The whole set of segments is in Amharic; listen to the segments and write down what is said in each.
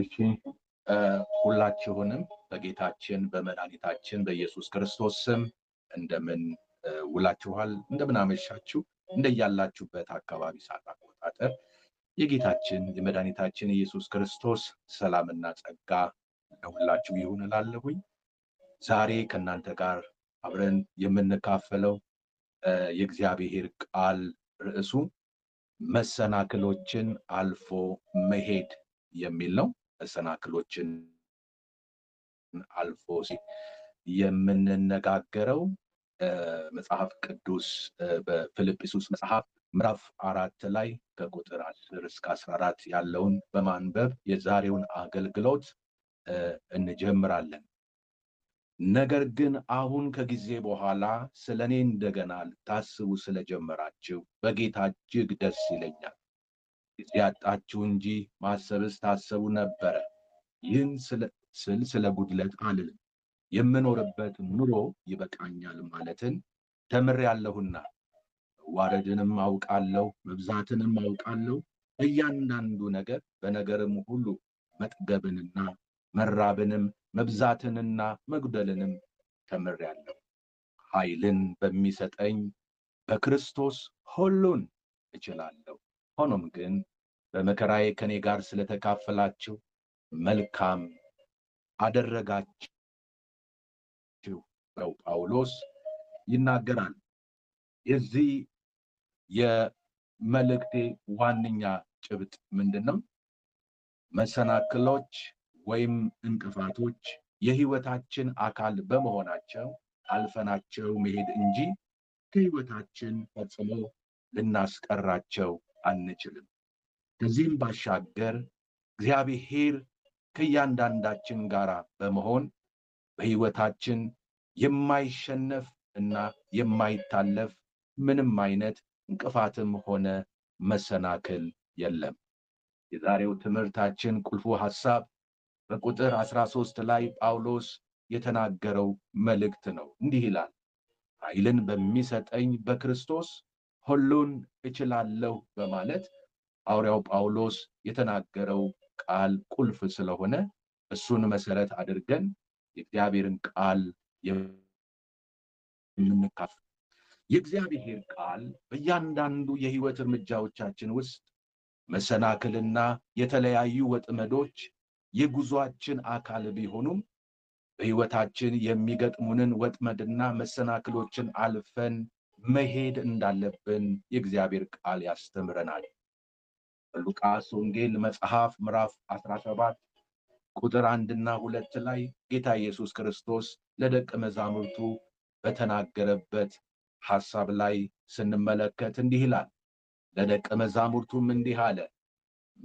እሺ ሁላችሁንም በጌታችን በመድኃኒታችን በኢየሱስ ክርስቶስ ስም እንደምን ውላችኋል፣ እንደምን አመሻችሁ። እንደያላችሁበት አካባቢ ሰዓት አቆጣጠር የጌታችን የመድኃኒታችን ኢየሱስ ክርስቶስ ሰላምና ጸጋ ለሁላችሁ ይሁን እላለሁኝ። ዛሬ ከእናንተ ጋር አብረን የምንካፈለው የእግዚአብሔር ቃል ርዕሱ መሰናክሎችን አልፎ መሄድ የሚል ነው። መሰናክሎችን አልፎ የምንነጋገረው መጽሐፍ ቅዱስ በፊልጵስዩስ መጽሐፍ ምዕራፍ አራት ላይ ከቁጥር አስር እስከ አስራ አራት ያለውን በማንበብ የዛሬውን አገልግሎት እንጀምራለን። ነገር ግን አሁን ከጊዜ በኋላ ስለ እኔ እንደገና ልታስቡ ስለጀመራችሁ በጌታ እጅግ ደስ ይለኛል። ያጣችሁ እንጂ ማሰብስ ታሰቡ ነበረ። ይህን ስል ስለ ጉድለት አልልም። የምኖርበት ኑሮ ይበቃኛል ማለትን ተምሬያለሁና ዋረድንም አውቃለሁ፣ መብዛትንም አውቃለሁ። እያንዳንዱ ነገር በነገርም ሁሉ መጥገብንና መራብንም መብዛትንና መጉደልንም ተምሬያለሁ። ኃይልን በሚሰጠኝ በክርስቶስ ሁሉን እችላለሁ። ሆኖም ግን በመከራዬ ከኔ ጋር ስለተካፈላችሁ መልካም አደረጋችሁ ነው ጳውሎስ ይናገራል። የዚህ የመልእክቴ ዋነኛ ጭብጥ ምንድን ነው? መሰናክሎች ወይም እንቅፋቶች የህይወታችን አካል በመሆናቸው አልፈናቸው መሄድ እንጂ ከህይወታችን ፈጽሞ ልናስቀራቸው አንችልም። ከዚህም ባሻገር እግዚአብሔር ከእያንዳንዳችን ጋር በመሆን በሕይወታችን የማይሸነፍ እና የማይታለፍ ምንም አይነት እንቅፋትም ሆነ መሰናክል የለም። የዛሬው ትምህርታችን ቁልፉ ሐሳብ በቁጥር አስራ ሶስት ላይ ጳውሎስ የተናገረው መልእክት ነው። እንዲህ ይላል ኃይልን በሚሰጠኝ በክርስቶስ ሁሉን እችላለሁ በማለት ሐዋርያው ጳውሎስ የተናገረው ቃል ቁልፍ ስለሆነ እሱን መሰረት አድርገን የእግዚአብሔርን ቃል የምንካፍ የእግዚአብሔር ቃል በእያንዳንዱ የህይወት እርምጃዎቻችን ውስጥ መሰናክልና የተለያዩ ወጥመዶች የጉዟችን አካል ቢሆኑም በህይወታችን የሚገጥሙንን ወጥመድና መሰናክሎችን አልፈን መሄድ እንዳለብን የእግዚአብሔር ቃል ያስተምረናል። በሉቃስ ወንጌል መጽሐፍ ምዕራፍ 17 ቁጥር አንድና ሁለት ላይ ጌታ ኢየሱስ ክርስቶስ ለደቀ መዛሙርቱ በተናገረበት ሐሳብ ላይ ስንመለከት እንዲህ ይላል። ለደቀ መዛሙርቱም እንዲህ አለ፣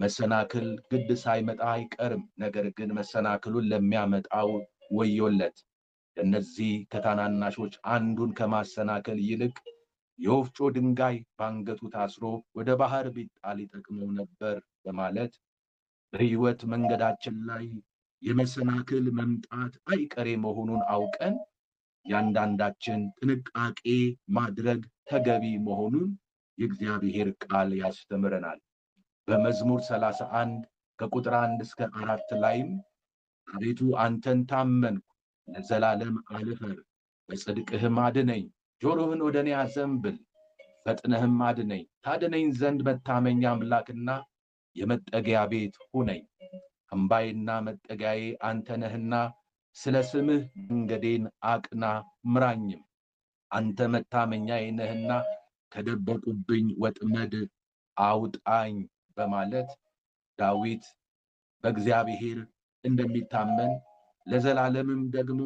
መሰናክል ግድ ሳይመጣ አይቀርም፣ ነገር ግን መሰናክሉን ለሚያመጣው ወዮለት። እነዚህ ከታናናሾች አንዱን ከማሰናከል ይልቅ የወፍጮ ድንጋይ በአንገቱ ታስሮ ወደ ባህር ቢጣል ይጠቅመው ነበር በማለት በሕይወት መንገዳችን ላይ የመሰናክል መምጣት አይቀሬ መሆኑን አውቀን ያንዳንዳችን ጥንቃቄ ማድረግ ተገቢ መሆኑን የእግዚአብሔር ቃል ያስተምረናል። በመዝሙር 31 ከቁጥር አንድ እስከ አራት ላይም አቤቱ አንተን ታመንኩ ለዘላለም አልፈር። በጽድቅህም አድነኝ። ጆሮህን ወደ እኔ አዘንብል፣ ፈጥነህም አድነኝ። ታድነኝ ዘንድ መታመኛ አምላክና የመጠጊያ ቤት ሁነኝ። አምባይና መጠጊያዬ አንተ ነህና ስለ ስምህ መንገዴን አቅና ምራኝም። አንተ መታመኛዬ ነህና ከደበቁብኝ ወጥመድ አውጣኝ በማለት ዳዊት በእግዚአብሔር እንደሚታመን ለዘላለምም ደግሞ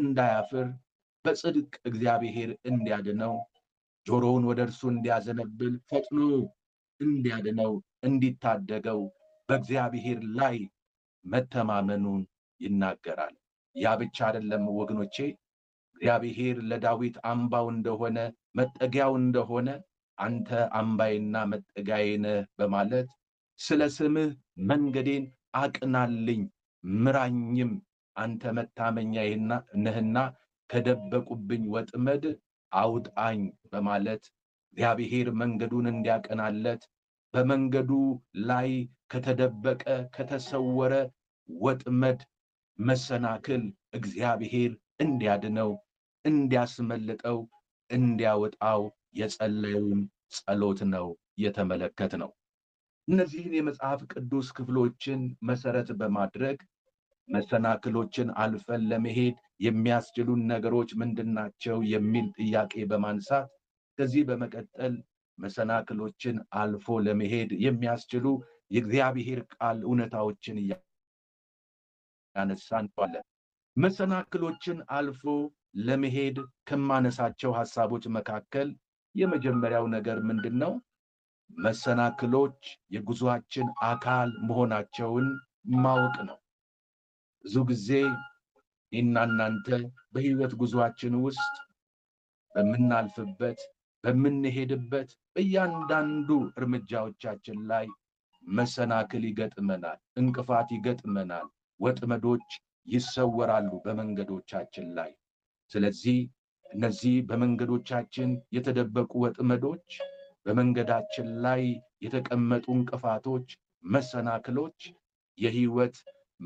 እንዳያፍር በጽድቅ እግዚአብሔር እንዲያድነው ጆሮውን ወደ እርሱ እንዲያዘነብል ፈጥኖ እንዲያድነው እንዲታደገው በእግዚአብሔር ላይ መተማመኑን ይናገራል። ያ ብቻ አይደለም ወገኖቼ፣ እግዚአብሔር ለዳዊት አምባው እንደሆነ መጠጊያው እንደሆነ አንተ አምባዬና መጠጊያዬ ነህ በማለት ስለ ስምህ መንገዴን አቅናልኝ ምራኝም አንተ መታመኛ ነህና ከደበቁብኝ ወጥመድ አውጣኝ በማለት እግዚአብሔር መንገዱን እንዲያቀናለት በመንገዱ ላይ ከተደበቀ ከተሰወረ ወጥመድ መሰናክል እግዚአብሔር እንዲያድነው እንዲያስመልጠው እንዲያወጣው የጸለዩን ጸሎት ነው የተመለከት ነው። እነዚህን የመጽሐፍ ቅዱስ ክፍሎችን መሰረት በማድረግ መሰናክሎችን አልፈን ለመሄድ የሚያስችሉን ነገሮች ምንድናቸው የሚል ጥያቄ በማንሳት ከዚህ በመቀጠል መሰናክሎችን አልፎ ለመሄድ የሚያስችሉ የእግዚአብሔር ቃል እውነታዎችን እያነሳ ባለን መሰናክሎችን አልፎ ለመሄድ ከማነሳቸው ሀሳቦች መካከል የመጀመሪያው ነገር ምንድን ነው? መሰናክሎች የጉዞችን አካል መሆናቸውን ማወቅ ነው። ብዙ ጊዜ እኔና እናንተ በህይወት ጉዟችን ውስጥ በምናልፍበት በምንሄድበት በእያንዳንዱ እርምጃዎቻችን ላይ መሰናክል ይገጥመናል፣ እንቅፋት ይገጥመናል፣ ወጥመዶች ይሰወራሉ በመንገዶቻችን ላይ። ስለዚህ እነዚህ በመንገዶቻችን የተደበቁ ወጥመዶች፣ በመንገዳችን ላይ የተቀመጡ እንቅፋቶች፣ መሰናክሎች የህይወት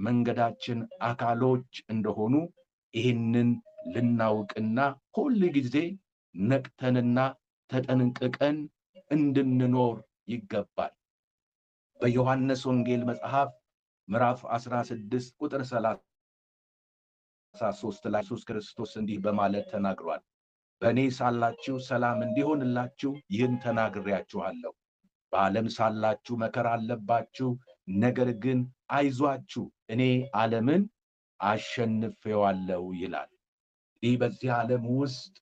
መንገዳችን አካሎች እንደሆኑ ይህንን ልናውቅና ሁል ጊዜ ነቅተንና ተጠንቅቀን እንድንኖር ይገባል። በዮሐንስ ወንጌል መጽሐፍ ምዕራፍ 16 ቁጥር 33 ላይ ኢየሱስ ክርስቶስ እንዲህ በማለት ተናግሯል። በእኔ ሳላችሁ ሰላም እንዲሆንላችሁ ይህን ተናግሬያችኋለሁ። በዓለም ሳላችሁ መከራ አለባችሁ፣ ነገር ግን አይዟችሁ እኔ ዓለምን አሸንፌዋለሁ ይላል። ይህ በዚህ ዓለም ውስጥ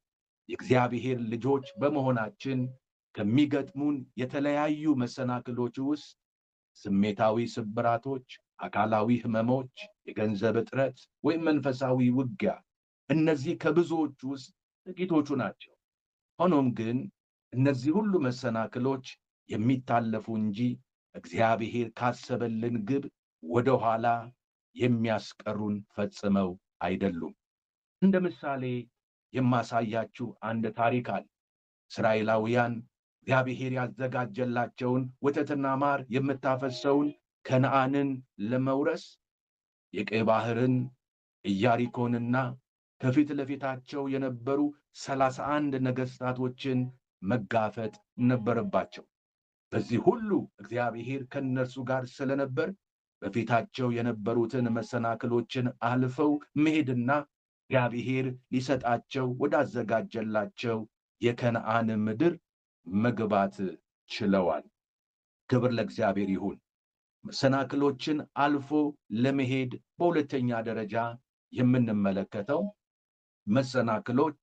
የእግዚአብሔር ልጆች በመሆናችን ከሚገጥሙን የተለያዩ መሰናክሎች ውስጥ ስሜታዊ ስብራቶች፣ አካላዊ ህመሞች፣ የገንዘብ እጥረት ወይም መንፈሳዊ ውጊያ፣ እነዚህ ከብዙዎች ውስጥ ጥቂቶቹ ናቸው። ሆኖም ግን እነዚህ ሁሉ መሰናክሎች የሚታለፉ እንጂ እግዚአብሔር ካሰበልን ግብ ወደ ኋላ የሚያስቀሩን ፈጽመው አይደሉም። እንደ ምሳሌ የማሳያችሁ አንድ ታሪክ አለ። እስራኤላውያን እግዚአብሔር ያዘጋጀላቸውን ወተትና ማር የምታፈሰውን ከነአንን ለመውረስ የቀይ ባህርን ኢያሪኮንና ከፊት ለፊታቸው የነበሩ ሰላሳ አንድ ነገሥታቶችን መጋፈጥ ነበረባቸው። በዚህ ሁሉ እግዚአብሔር ከእነርሱ ጋር ስለነበር በፊታቸው የነበሩትን መሰናክሎችን አልፈው መሄድና እግዚአብሔር ሊሰጣቸው ወዳዘጋጀላቸው የከነአን ምድር መግባት ችለዋል። ክብር ለእግዚአብሔር ይሁን። መሰናክሎችን አልፎ ለመሄድ በሁለተኛ ደረጃ የምንመለከተው መሰናክሎች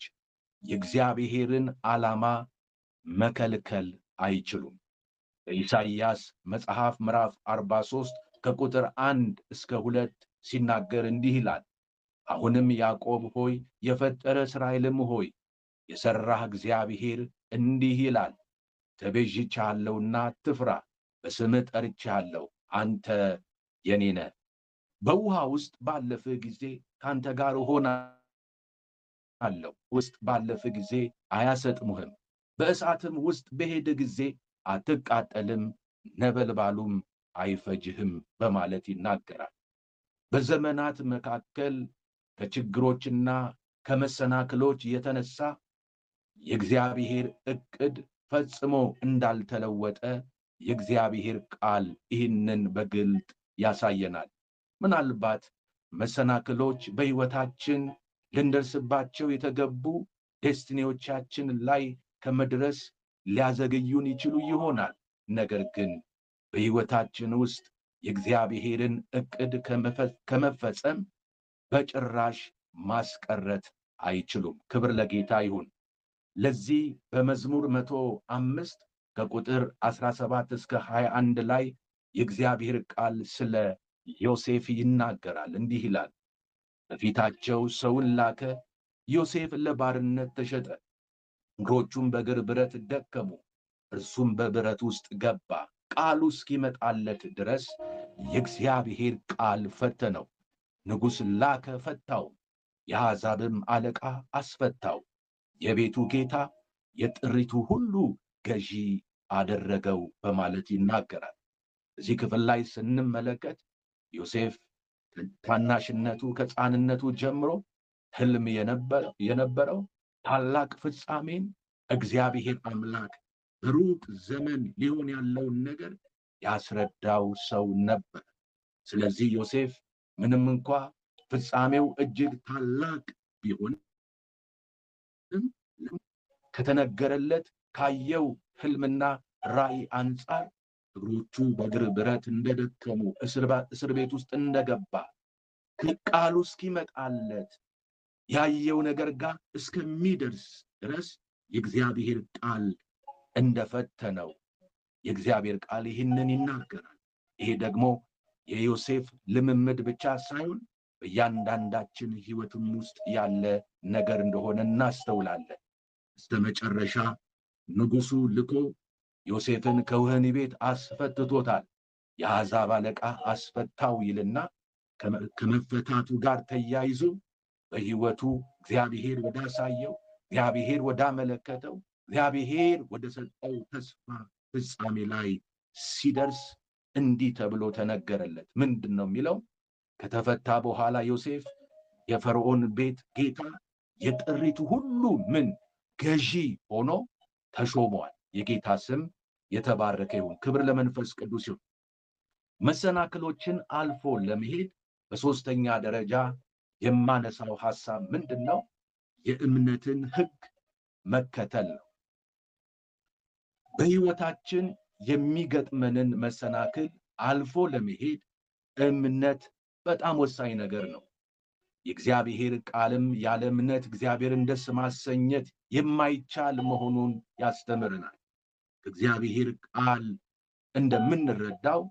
የእግዚአብሔርን ዓላማ መከልከል አይችሉም። በኢሳይያስ መጽሐፍ ምዕራፍ 43 ከቁጥር አንድ እስከ ሁለት ሲናገር እንዲህ ይላል። አሁንም ያዕቆብ ሆይ የፈጠረ እስራኤልም ሆይ የሠራህ እግዚአብሔር እንዲህ ይላል፣ ተቤዥቻለሁና ትፍራ በስምህ ጠርቼሃለሁ፣ አንተ የኔ ነህ። በውሃ ውስጥ ባለፍህ ጊዜ ከአንተ ጋር እሆናለሁ፣ ውስጥ ባለፍህ ጊዜ አያሰጥሙህም፣ በእሳትም ውስጥ በሄድህ ጊዜ አትቃጠልም፣ ነበልባሉም አይፈጅህም በማለት ይናገራል። በዘመናት መካከል ከችግሮችና ከመሰናክሎች የተነሳ የእግዚአብሔር እቅድ ፈጽሞ እንዳልተለወጠ የእግዚአብሔር ቃል ይህንን በግልጥ ያሳየናል። ምናልባት መሰናክሎች በሕይወታችን ልንደርስባቸው የተገቡ ዴስቲኒዎቻችን ላይ ከመድረስ ሊያዘገዩን ይችሉ ይሆናል። ነገር ግን በሕይወታችን ውስጥ የእግዚአብሔርን እቅድ ከመፈጸም በጭራሽ ማስቀረት አይችሉም። ክብር ለጌታ ይሁን። ለዚህ በመዝሙር መቶ አምስት ከቁጥር 17 እስከ 21 ላይ የእግዚአብሔር ቃል ስለ ዮሴፍ ይናገራል። እንዲህ ይላል፣ በፊታቸው ሰውን ላከ፣ ዮሴፍ ለባርነት ተሸጠ፣ እግሮቹም በእግር ብረት ደከሙ፣ እርሱም በብረት ውስጥ ገባ፣ ቃሉ እስኪመጣለት ድረስ የእግዚአብሔር ቃል ፈተነው። ንጉሥ ላከ ፈታው፣ የአሕዛብም አለቃ አስፈታው። የቤቱ ጌታ የጥሪቱ ሁሉ ገዢ አደረገው በማለት ይናገራል። እዚህ ክፍል ላይ ስንመለከት ዮሴፍ ታናሽነቱ ከሕፃንነቱ ጀምሮ ህልም የነበረው ታላቅ ፍጻሜን እግዚአብሔር አምላክ ሩቅ ዘመን ሊሆን ያለውን ነገር ያስረዳው ሰው ነበር። ስለዚህ ዮሴፍ ምንም እንኳ ፍጻሜው እጅግ ታላቅ ቢሆን ከተነገረለት ካየው ህልምና ራእይ አንጻር እግሮቹ በእግር ብረት እንደደከሙ እስር ቤት ውስጥ እንደገባ ቃሉ እስኪመጣለት ያየው ነገር ጋር እስከሚደርስ ድረስ የእግዚአብሔር ቃል እንደፈተነው የእግዚአብሔር ቃል ይህንን ይናገራል። ይሄ ደግሞ የዮሴፍ ልምምድ ብቻ ሳይሆን በእያንዳንዳችን ህይወትም ውስጥ ያለ ነገር እንደሆነ እናስተውላለን። እስከ መጨረሻ ንጉሱ ልኮ ዮሴፍን ከወህኒ ቤት አስፈትቶታል። የአሕዛብ አለቃ አስፈታው ይልና ከመፈታቱ ጋር ተያይዞ በህይወቱ እግዚአብሔር ወዳሳየው እግዚአብሔር ወዳመለከተው እግዚአብሔር ወደ ሰጠው ተስፋ ፍጻሜ ላይ ሲደርስ እንዲህ ተብሎ ተነገረለት። ምንድን ነው የሚለው? ከተፈታ በኋላ ዮሴፍ የፈርዖን ቤት ጌታ የጥሪቱ ሁሉ ምን ገዢ ሆኖ ተሾመዋል። የጌታ ስም የተባረከ ይሁን። ክብር ለመንፈስ ቅዱስ ይሁን። መሰናክሎችን አልፎ ለመሄድ በሶስተኛ ደረጃ የማነሳው ሐሳብ ምንድን ነው? የእምነትን ሕግ መከተል ነው። በህይወታችን የሚገጥመንን መሰናክል አልፎ ለመሄድ እምነት በጣም ወሳኝ ነገር ነው። የእግዚአብሔር ቃልም ያለ እምነት እግዚአብሔርን ደስ ማሰኘት የማይቻል መሆኑን ያስተምርናል። ከእግዚአብሔር ቃል እንደምንረዳው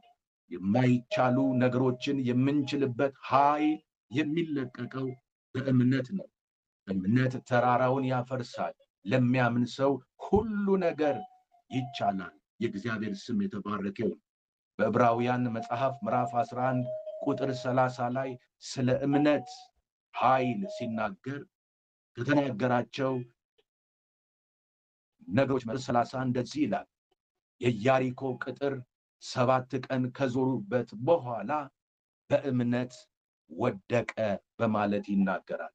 የማይቻሉ ነገሮችን የምንችልበት ኃይል የሚለቀቀው በእምነት ነው። እምነት ተራራውን ያፈርሳል። ለሚያምን ሰው ሁሉ ነገር ይቻላል። የእግዚአብሔር ስም የተባረከ ይሁን። በዕብራውያን መጽሐፍ ምዕራፍ 11 ቁጥር 30 ላይ ስለ እምነት ኃይል ሲናገር ከተናገራቸው ነገሮች መ 30 እንደዚህ ይላል። የኢያሪኮ ቅጥር ሰባት ቀን ከዞሩበት በኋላ በእምነት ወደቀ በማለት ይናገራል።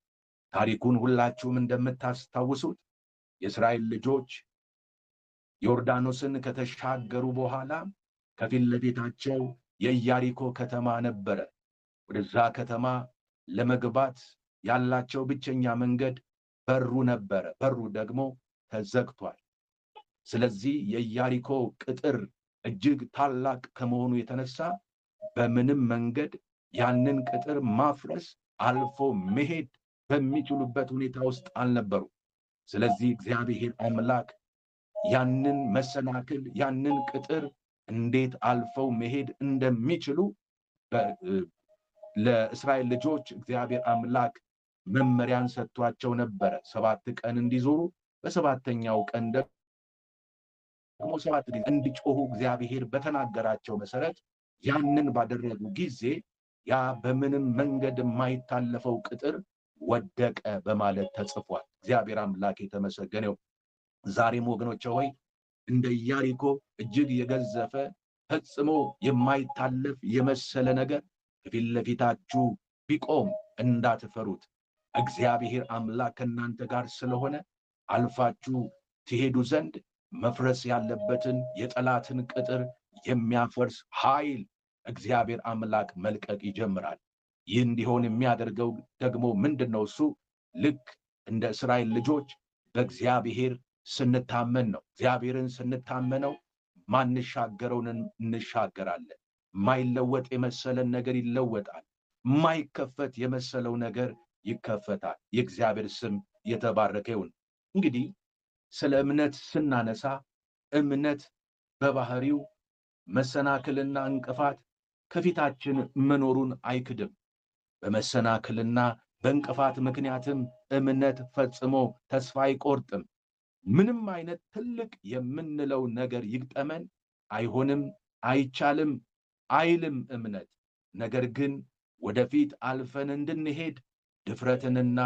ታሪኩን ሁላችሁም እንደምታስታውሱት የእስራኤል ልጆች ዮርዳኖስን ከተሻገሩ በኋላ ከፊት ለፊታቸው የኢያሪኮ ከተማ ነበረ። ወደዛ ከተማ ለመግባት ያላቸው ብቸኛ መንገድ በሩ ነበረ። በሩ ደግሞ ተዘግቷል። ስለዚህ የኢያሪኮ ቅጥር እጅግ ታላቅ ከመሆኑ የተነሳ በምንም መንገድ ያንን ቅጥር ማፍረስ አልፎ መሄድ በሚችሉበት ሁኔታ ውስጥ አልነበሩ። ስለዚህ እግዚአብሔር አምላክ ያንን መሰናክል ያንን ቅጥር እንዴት አልፈው መሄድ እንደሚችሉ ለእስራኤል ልጆች እግዚአብሔር አምላክ መመሪያን ሰጥቷቸው ነበረ። ሰባት ቀን እንዲዞሩ በሰባተኛው ቀን ደግሞ ሰባት ጊዜ እንዲጮሁ እግዚአብሔር በተናገራቸው መሰረት ያንን ባደረጉ ጊዜ ያ በምንም መንገድ የማይታለፈው ቅጥር ወደቀ በማለት ተጽፏል። እግዚአብሔር አምላክ የተመሰገነው ዛሬም ወገኖቼ ሆይ እንደ ኢያሪኮ እጅግ የገዘፈ ፈጽሞ የማይታለፍ የመሰለ ነገር ከፊት ለፊታችሁ ቢቆም እንዳትፈሩት፣ እግዚአብሔር አምላክ ከእናንተ ጋር ስለሆነ አልፋችሁ ትሄዱ ዘንድ መፍረስ ያለበትን የጠላትን ቅጥር የሚያፈርስ ኃይል እግዚአብሔር አምላክ መልቀቅ ይጀምራል። ይህ እንዲሆን የሚያደርገው ደግሞ ምንድን ነው? እሱ ልክ እንደ እስራኤል ልጆች በእግዚአብሔር ስንታመን ነው። እግዚአብሔርን ስንታመነው ማንሻገረውን እንሻገራለን። ማይለወጥ የመሰለን ነገር ይለወጣል። ማይከፈት የመሰለው ነገር ይከፈታል። የእግዚአብሔር ስም የተባረከ ይሁን። እንግዲህ ስለ እምነት ስናነሳ እምነት በባህሪው መሰናክልና እንቅፋት ከፊታችን መኖሩን አይክድም። በመሰናክልና በእንቅፋት ምክንያትም እምነት ፈጽሞ ተስፋ አይቆርጥም። ምንም አይነት ትልቅ የምንለው ነገር ይግጠመን፣ አይሆንም፣ አይቻልም አይልም እምነት። ነገር ግን ወደፊት አልፈን እንድንሄድ ድፍረትንና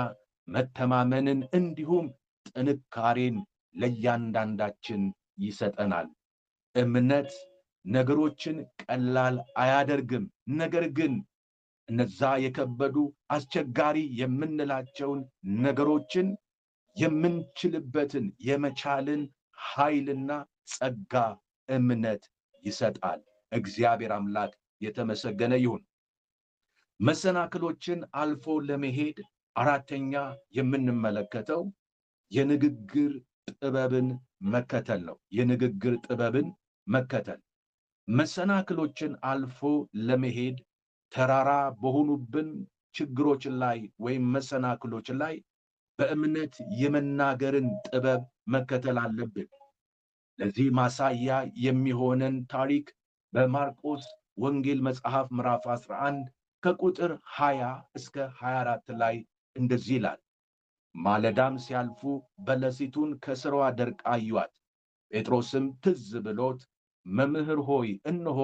መተማመንን እንዲሁም ጥንካሬን ለእያንዳንዳችን ይሰጠናል። እምነት ነገሮችን ቀላል አያደርግም። ነገር ግን እነዛ የከበዱ አስቸጋሪ የምንላቸውን ነገሮችን የምንችልበትን የመቻልን ኃይልና ጸጋ እምነት ይሰጣል። እግዚአብሔር አምላክ የተመሰገነ ይሁን። መሰናክሎችን አልፎ ለመሄድ አራተኛ የምንመለከተው የንግግር ጥበብን መከተል ነው። የንግግር ጥበብን መከተል መሰናክሎችን አልፎ ለመሄድ ተራራ በሆኑብን ችግሮች ላይ ወይም መሰናክሎች ላይ በእምነት የመናገርን ጥበብ መከተል አለብን። ለዚህ ማሳያ የሚሆነን ታሪክ በማርቆስ ወንጌል መጽሐፍ ምዕራፍ 11 ከቁጥር 20 እስከ 24 ላይ እንደዚህ ይላል። ማለዳም ሲያልፉ በለሲቱን ከስሯ ደርቃ አዩአት። ጴጥሮስም ትዝ ብሎት መምህር ሆይ እነሆ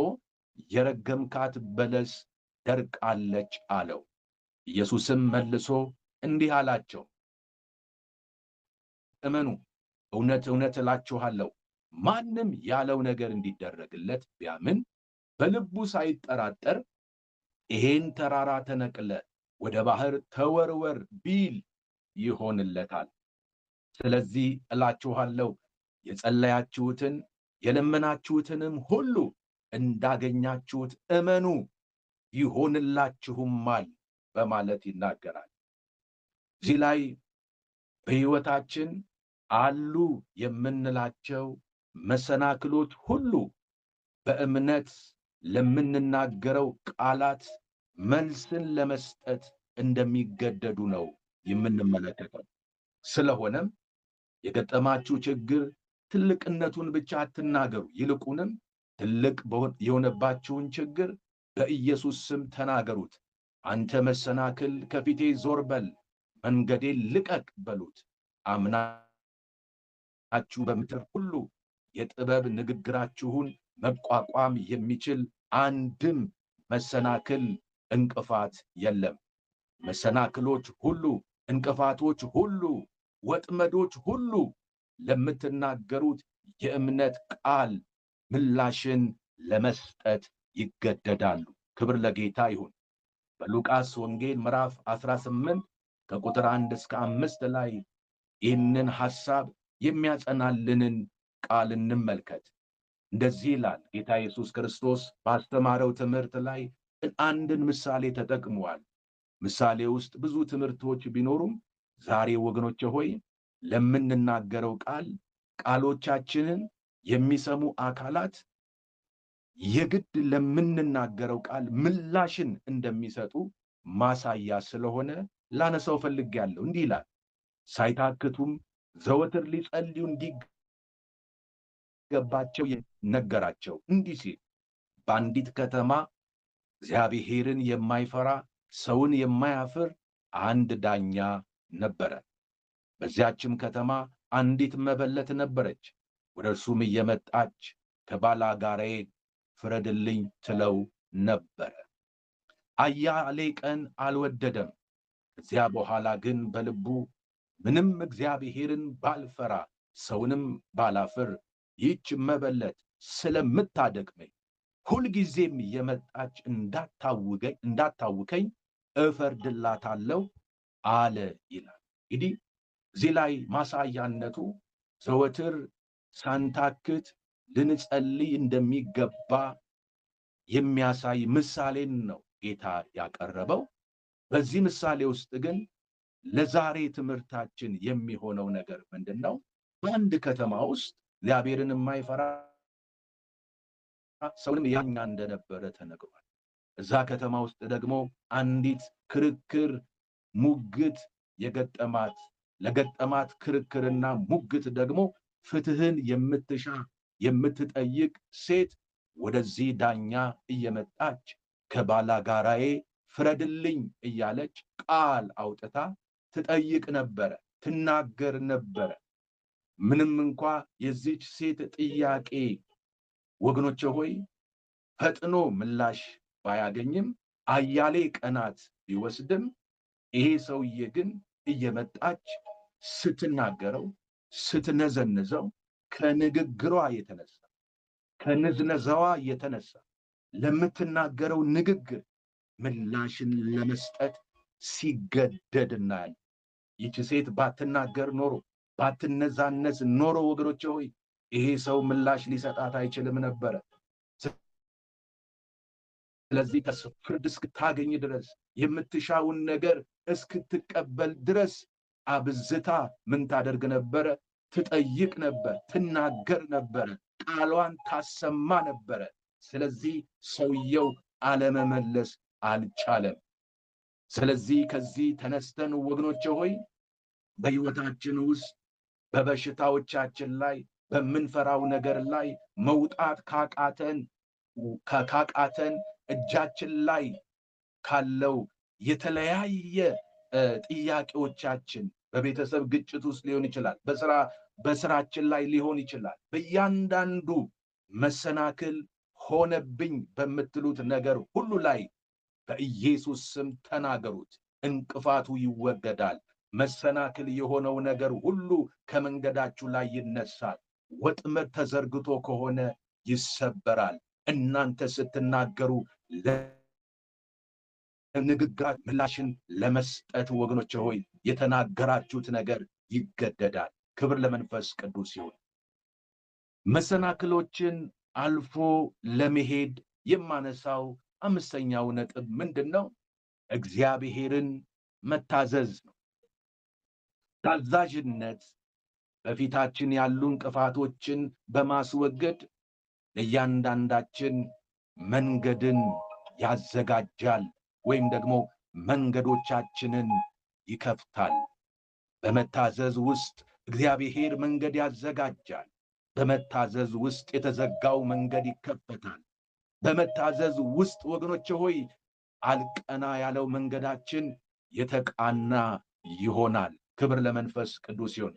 የረገምካት በለስ ደርቃለች አለው። ኢየሱስም መልሶ እንዲህ አላቸው እመኑ፣ እውነት እውነት እላችኋለሁ ማንም ያለው ነገር እንዲደረግለት ቢያምን በልቡ ሳይጠራጠር ይሄን ተራራ ተነቅለ ወደ ባህር ተወርወር ቢል ይሆንለታል። ስለዚህ እላችኋለሁ የጸለያችሁትን የለመናችሁትንም ሁሉ እንዳገኛችሁት እመኑ ይሆንላችሁማል በማለት ይናገራል። እዚህ ላይ በሕይወታችን አሉ የምንላቸው መሰናክሎች ሁሉ በእምነት ለምንናገረው ቃላት መልስን ለመስጠት እንደሚገደዱ ነው የምንመለከተው። ስለሆነም የገጠማችሁ ችግር ትልቅነቱን ብቻ አትናገሩ፣ ይልቁንም ትልቅ የሆነባችሁን ችግር በኢየሱስ ስም ተናገሩት። አንተ መሰናክል ከፊቴ ዞር በል፣ መንገዴን ልቀቅ በሉት። አምና ችሁ በምድር ሁሉ የጥበብ ንግግራችሁን መቋቋም የሚችል አንድም መሰናክል እንቅፋት የለም። መሰናክሎች ሁሉ፣ እንቅፋቶች ሁሉ፣ ወጥመዶች ሁሉ ለምትናገሩት የእምነት ቃል ምላሽን ለመስጠት ይገደዳሉ። ክብር ለጌታ ይሁን። በሉቃስ ወንጌል ምዕራፍ 18 ከቁጥር 1 እስከ 5 ላይ ይህንን ሐሳብ የሚያጸናልንን ቃል እንመልከት። እንደዚህ ይላል ጌታ ኢየሱስ ክርስቶስ ባስተማረው ትምህርት ላይ አንድን ምሳሌ ተጠቅመዋል። ምሳሌ ውስጥ ብዙ ትምህርቶች ቢኖሩም ዛሬ ወገኖቼ ሆይ ለምንናገረው ቃል ቃሎቻችንን የሚሰሙ አካላት የግድ ለምንናገረው ቃል ምላሽን እንደሚሰጡ ማሳያ ስለሆነ ላነሳው ፈልጌያለሁ። እንዲህ ይላል ሳይታክቱም ዘወትር ሊጸልዩ እንዲገባቸው ነገራቸው። እንዲህ ሲል በአንዲት ከተማ እግዚአብሔርን የማይፈራ ሰውን የማያፍር አንድ ዳኛ ነበረ። በዚያችም ከተማ አንዲት መበለት ነበረች። ወደ እርሱም እየመጣች ከባላጋራዬ ፍረድልኝ ትለው ነበረ። አያሌ ቀን አልወደደም። ከዚያ በኋላ ግን በልቡ ምንም እግዚአብሔርን ባልፈራ ሰውንም ባላፍር ይህች መበለት ስለምታደክመኝ ሁልጊዜም የመጣች እንዳታውከኝ እፈርድላታለሁ አለ ይላል። እንግዲህ እዚህ ላይ ማሳያነቱ ዘወትር ሳንታክት ልንጸልይ እንደሚገባ የሚያሳይ ምሳሌን ነው ጌታ ያቀረበው። በዚህ ምሳሌ ውስጥ ግን ለዛሬ ትምህርታችን የሚሆነው ነገር ምንድን ነው? በአንድ ከተማ ውስጥ እግዚአብሔርን የማይፈራ ሰውንም ያኛ እንደነበረ ተነግሯል። እዛ ከተማ ውስጥ ደግሞ አንዲት ክርክር ሙግት የገጠማት ለገጠማት ክርክርና ሙግት ደግሞ ፍትህን የምትሻ የምትጠይቅ ሴት ወደዚህ ዳኛ እየመጣች ከባላጋራዬ ፍረድልኝ እያለች ቃል አውጥታ ትጠይቅ ነበረ፣ ትናገር ነበረ። ምንም እንኳ የዚች ሴት ጥያቄ ወገኖቼ ሆይ ፈጥኖ ምላሽ ባያገኝም አያሌ ቀናት ቢወስድም ይሄ ሰውዬ ግን እየመጣች ስትናገረው ስትነዘንዘው ከንግግሯ የተነሳ ከንዝነዛዋ የተነሳ ለምትናገረው ንግግር ምላሽን ለመስጠት ሲገደድ እናያለን። ይቺ ሴት ባትናገር ኖሮ ባትነዛነስ ኖሮ ወገኖች ሆይ ይሄ ሰው ምላሽ ሊሰጣት አይችልም ነበረ። ስለዚህ ከሱ ፍርድ እስክታገኝ ድረስ የምትሻውን ነገር እስክትቀበል ድረስ አብዝታ ምን ታደርግ ነበረ? ትጠይቅ ነበር፣ ትናገር ነበረ፣ ቃሏን ታሰማ ነበረ። ስለዚህ ሰውየው አለመመለስ አልቻለም። ስለዚህ ከዚህ ተነስተን ወገኖቼ ሆይ በሕይወታችን ውስጥ በበሽታዎቻችን ላይ በምንፈራው ነገር ላይ መውጣት ካቃተን ካቃተን እጃችን ላይ ካለው የተለያየ ጥያቄዎቻችን በቤተሰብ ግጭት ውስጥ ሊሆን ይችላል። በስራ በስራችን ላይ ሊሆን ይችላል። በእያንዳንዱ መሰናክል ሆነብኝ በምትሉት ነገር ሁሉ ላይ በኢየሱስ ስም ተናገሩት። እንቅፋቱ ይወገዳል። መሰናክል የሆነው ነገር ሁሉ ከመንገዳችሁ ላይ ይነሳል። ወጥመድ ተዘርግቶ ከሆነ ይሰበራል። እናንተ ስትናገሩ ንግግራ ምላሽን ለመስጠት ወገኖች ሆይ የተናገራችሁት ነገር ይገደዳል። ክብር ለመንፈስ ቅዱስ ይሁን። መሰናክሎችን አልፎ ለመሄድ የማነሳው አምስተኛው ነጥብ ምንድን ነው? እግዚአብሔርን መታዘዝ ነው። ታዛዥነት በፊታችን ያሉ እንቅፋቶችን በማስወገድ ለእያንዳንዳችን መንገድን ያዘጋጃል ወይም ደግሞ መንገዶቻችንን ይከፍታል። በመታዘዝ ውስጥ እግዚአብሔር መንገድ ያዘጋጃል። በመታዘዝ ውስጥ የተዘጋው መንገድ ይከፈታል። በመታዘዝ ውስጥ ወገኖች ሆይ አልቀና ያለው መንገዳችን የተቃና ይሆናል። ክብር ለመንፈስ ቅዱስ ይሁን።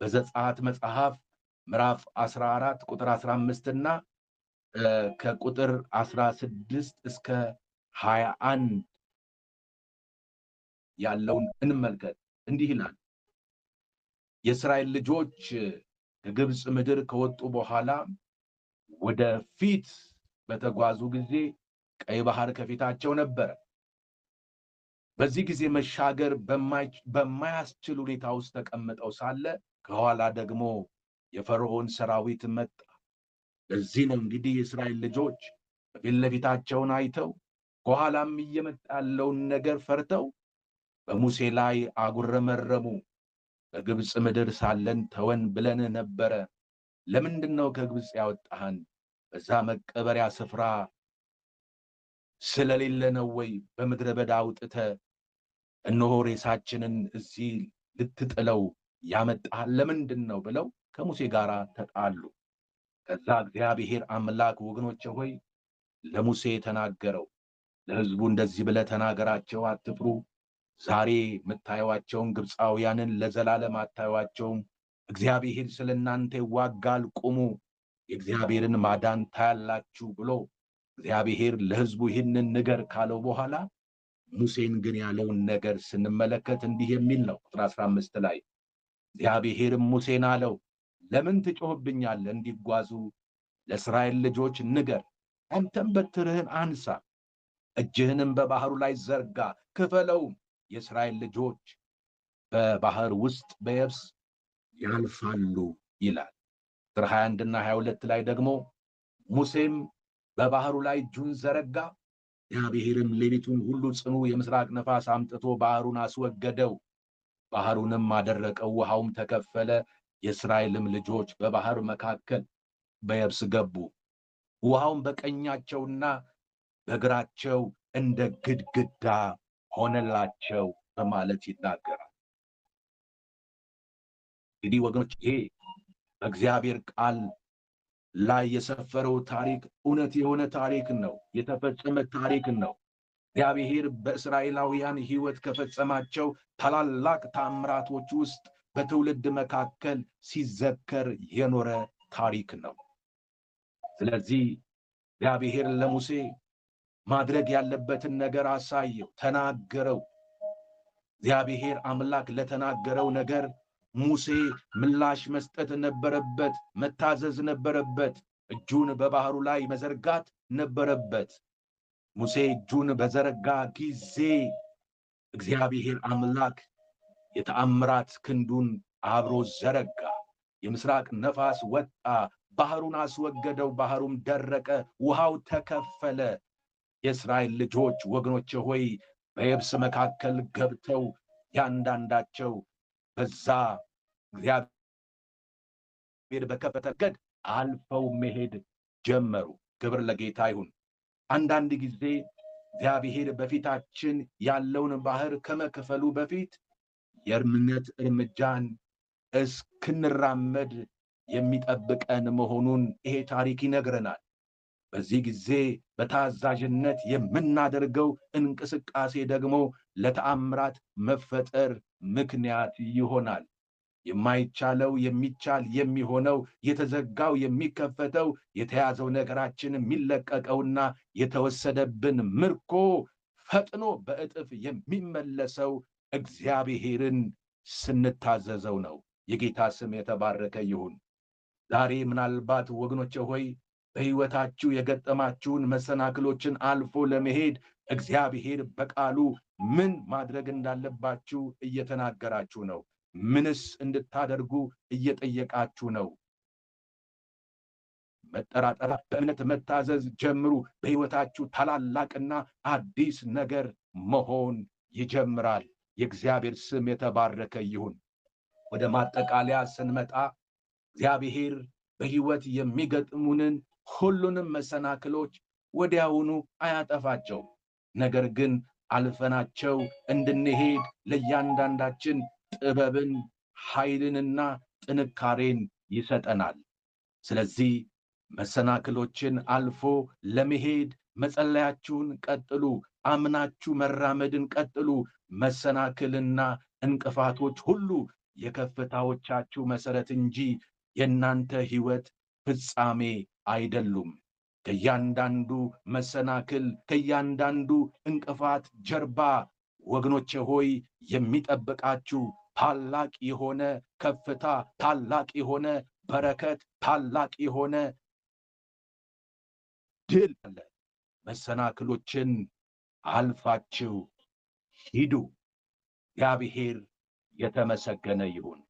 በዘጸአት መጽሐፍ ምዕራፍ 14 ቁጥር 15 እና ከቁጥር 16 እስከ 21 ያለውን እንመልከት። እንዲህ ይላል የእስራኤል ልጆች ከግብፅ ምድር ከወጡ በኋላ ወደ ፊት በተጓዙ ጊዜ ቀይ ባህር ከፊታቸው ነበረ። በዚህ ጊዜ መሻገር በማያስችል ሁኔታ ውስጥ ተቀምጠው ሳለ ከኋላ ደግሞ የፈርዖን ሰራዊት መጣ። እዚህ ነው እንግዲህ የእስራኤል ልጆች በፊት ለፊታቸውን አይተው ከኋላም እየመጣ ያለውን ነገር ፈርተው በሙሴ ላይ አጉረመረሙ። በግብፅ ምድር ሳለን ተወን ብለን ነበረ፣ ለምንድን ነው ከግብፅ ያወጣህን? በዛ መቀበሪያ ስፍራ ስለሌለ ነው ወይ በምድረ በዳ አውጥተ እነሆ ሬሳችንን እዚህ ልትጥለው ያመጣል ለምንድን ነው ብለው ከሙሴ ጋር ተጣሉ። ከዛ እግዚአብሔር አምላክ ወገኖቼ ሆይ ለሙሴ ተናገረው፣ ለሕዝቡ እንደዚህ ብለ ተናገራቸው፣ አትፍሩ። ዛሬ የምታዩዋቸውን ግብፃውያንን ለዘላለም አታዩዋቸውም። እግዚአብሔር ስለ እናንተ ይዋጋል፣ ቁሙ የእግዚአብሔርን ማዳን ታያላችሁ ብሎ እግዚአብሔር ለሕዝቡ ይህንን ንገር ካለው በኋላ ሙሴን ግን ያለውን ነገር ስንመለከት እንዲህ የሚል ነው። ቁጥር አስራ አምስት ላይ እግዚአብሔርም ሙሴን አለው ለምን ትጮህብኛለህ? እንዲጓዙ ለእስራኤል ልጆች ንገር። አንተም በትርህን አንሳ፣ እጅህንም በባህሩ ላይ ዘርጋ፣ ክፈለውም። የእስራኤል ልጆች በባህር ውስጥ በየብስ ያልፋሉ ይላል። ቁጥር 21 እና 22 ላይ ደግሞ ሙሴም በባህሩ ላይ እጁን ዘረጋ፣ እግዚአብሔርም ሌሊቱን ሁሉ ጽኑ የምስራቅ ነፋስ አምጥቶ ባህሩን አስወገደው፣ ባህሩንም አደረቀው፣ ውሃውም ተከፈለ። የእስራኤልም ልጆች በባህር መካከል በየብስ ገቡ። ውሃውም በቀኛቸውና በግራቸው እንደ ግድግዳ ሆነላቸው በማለት ይናገራል። እንግዲህ ወገኖች ይሄ በእግዚአብሔር ቃል ላይ የሰፈረው ታሪክ እውነት የሆነ ታሪክን ነው፣ የተፈጸመ ታሪክን ነው። እግዚአብሔር በእስራኤላውያን ሕይወት ከፈጸማቸው ታላላቅ ታምራቶች ውስጥ በትውልድ መካከል ሲዘከር የኖረ ታሪክ ነው። ስለዚህ እግዚአብሔር ለሙሴ ማድረግ ያለበትን ነገር አሳየው፣ ተናገረው። እግዚአብሔር አምላክ ለተናገረው ነገር ሙሴ ምላሽ መስጠት ነበረበት፣ መታዘዝ ነበረበት፣ እጁን በባህሩ ላይ መዘርጋት ነበረበት። ሙሴ እጁን በዘረጋ ጊዜ እግዚአብሔር አምላክ የተአምራት ክንዱን አብሮ ዘረጋ። የምስራቅ ነፋስ ወጣ፣ ባህሩን አስወገደው። ባህሩም ደረቀ፣ ውሃው ተከፈለ። የእስራኤል ልጆች ወገኖች ሆይ በየብስ መካከል ገብተው ያንዳንዳቸው በዛ እግዚአብሔር በከፈተ መንገድ አልፈው መሄድ ጀመሩ። ክብር ለጌታ ይሁን። አንዳንድ ጊዜ እግዚአብሔር በፊታችን ያለውን ባህር ከመክፈሉ በፊት የእምነት እርምጃን እስክንራመድ የሚጠብቀን መሆኑን ይሄ ታሪክ ይነግረናል። በዚህ ጊዜ በታዛዥነት የምናደርገው እንቅስቃሴ ደግሞ ለተአምራት መፈጠር ምክንያት ይሆናል። የማይቻለው የሚቻል የሚሆነው፣ የተዘጋው የሚከፈተው፣ የተያዘው ነገራችን የሚለቀቀውና የተወሰደብን ምርኮ ፈጥኖ በእጥፍ የሚመለሰው እግዚአብሔርን ስንታዘዘው ነው። የጌታ ስም የተባረከ ይሁን። ዛሬ ምናልባት ወገኖቼ ሆይ በሕይወታችሁ የገጠማችሁን መሰናክሎችን አልፎ ለመሄድ እግዚአብሔር በቃሉ ምን ማድረግ እንዳለባችሁ እየተናገራችሁ ነው። ምንስ እንድታደርጉ እየጠየቃችሁ ነው። መጠራጠር፣ በእምነት መታዘዝ ጀምሩ። በሕይወታችሁ ታላላቅና አዲስ ነገር መሆን ይጀምራል። የእግዚአብሔር ስም የተባረከ ይሁን። ወደ ማጠቃለያ ስንመጣ እግዚአብሔር በሕይወት የሚገጥሙንን ሁሉንም መሰናክሎች ወዲያውኑ አያጠፋቸው። ነገር ግን አልፈናቸው እንድንሄድ ለእያንዳንዳችን ጥበብን፣ ኃይልንና ጥንካሬን ይሰጠናል። ስለዚህ መሰናክሎችን አልፎ ለመሄድ መጸለያችሁን ቀጥሉ። አምናችሁ መራመድን ቀጥሉ። መሰናክልና እንቅፋቶች ሁሉ የከፍታዎቻችሁ መሰረት እንጂ የእናንተ ሕይወት ፍጻሜ አይደሉም። ከእያንዳንዱ መሰናክል፣ ከእያንዳንዱ እንቅፋት ጀርባ ወገኖቼ ሆይ የሚጠብቃችሁ ታላቅ የሆነ ከፍታ፣ ታላቅ የሆነ በረከት፣ ታላቅ የሆነ ድል አለ። መሰናክሎችን አልፋችሁ ሂዱ። እግዚአብሔር የተመሰገነ ይሁን።